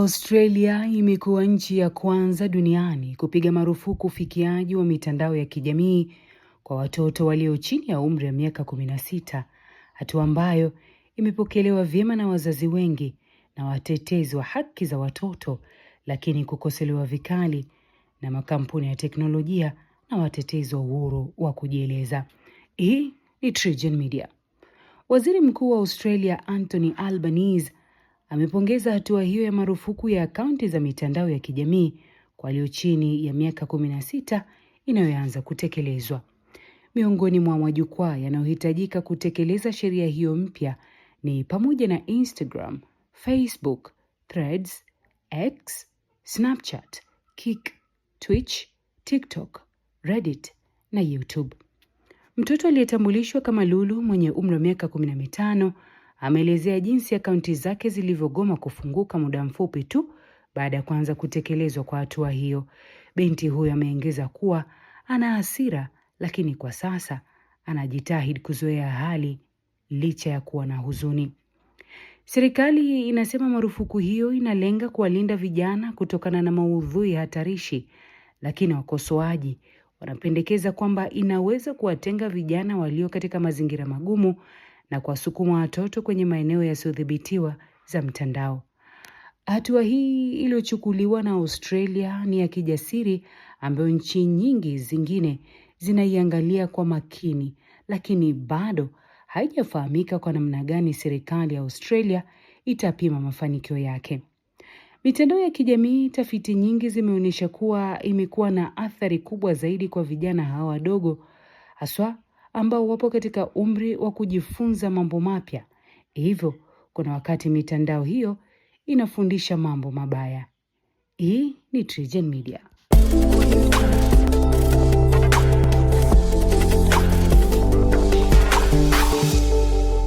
Australia imekuwa nchi ya kwanza duniani kupiga marufuku ufikiaji wa mitandao ya kijamii kwa watoto walio chini ya umri wa miaka 16, hatua ambayo imepokelewa vyema na wazazi wengi na watetezi wa haki za watoto, lakini kukosolewa vikali na makampuni ya teknolojia na watetezi wa uhuru wa kujieleza. Hii ni TriGen Media. Waziri Mkuu wa Australia Anthony Albanese amepongeza hatua hiyo ya marufuku ya akaunti za mitandao ya kijamii kwa walio chini ya miaka 16 inayoanza kutekelezwa. Miongoni mwa majukwaa yanayohitajika kutekeleza sheria hiyo mpya ni pamoja na Instagram, Facebook, Threads, X, Snapchat, Kick, Twitch, TikTok, Reddit na YouTube. Mtoto aliyetambulishwa kama Lulu mwenye umri wa miaka kumi ameelezea jinsi akaunti zake zilivyogoma kufunguka muda mfupi tu baada ya kuanza kutekelezwa kwa hatua hiyo. Binti huyo ameongeza kuwa ana hasira, lakini kwa sasa anajitahidi kuzoea hali licha ya kuwa na huzuni. Serikali inasema marufuku hiyo inalenga kuwalinda vijana kutokana na maudhui hatarishi, lakini wakosoaji wanapendekeza kwamba inaweza kuwatenga vijana walio katika mazingira magumu na kuwasukuma watoto kwenye maeneo yasiyodhibitiwa za mtandao. Hatua hii iliyochukuliwa na Australia ni ya kijasiri ambayo nchi nyingi zingine zinaiangalia kwa makini, lakini bado haijafahamika kwa namna gani serikali ya Australia itapima mafanikio yake. Mitandao ya kijamii, tafiti nyingi zimeonyesha kuwa imekuwa na athari kubwa zaidi kwa vijana hawa wadogo, haswa ambao wapo katika umri wa kujifunza mambo mapya. Hivyo kuna wakati mitandao hiyo inafundisha mambo mabaya. Hii ni TriGen Media.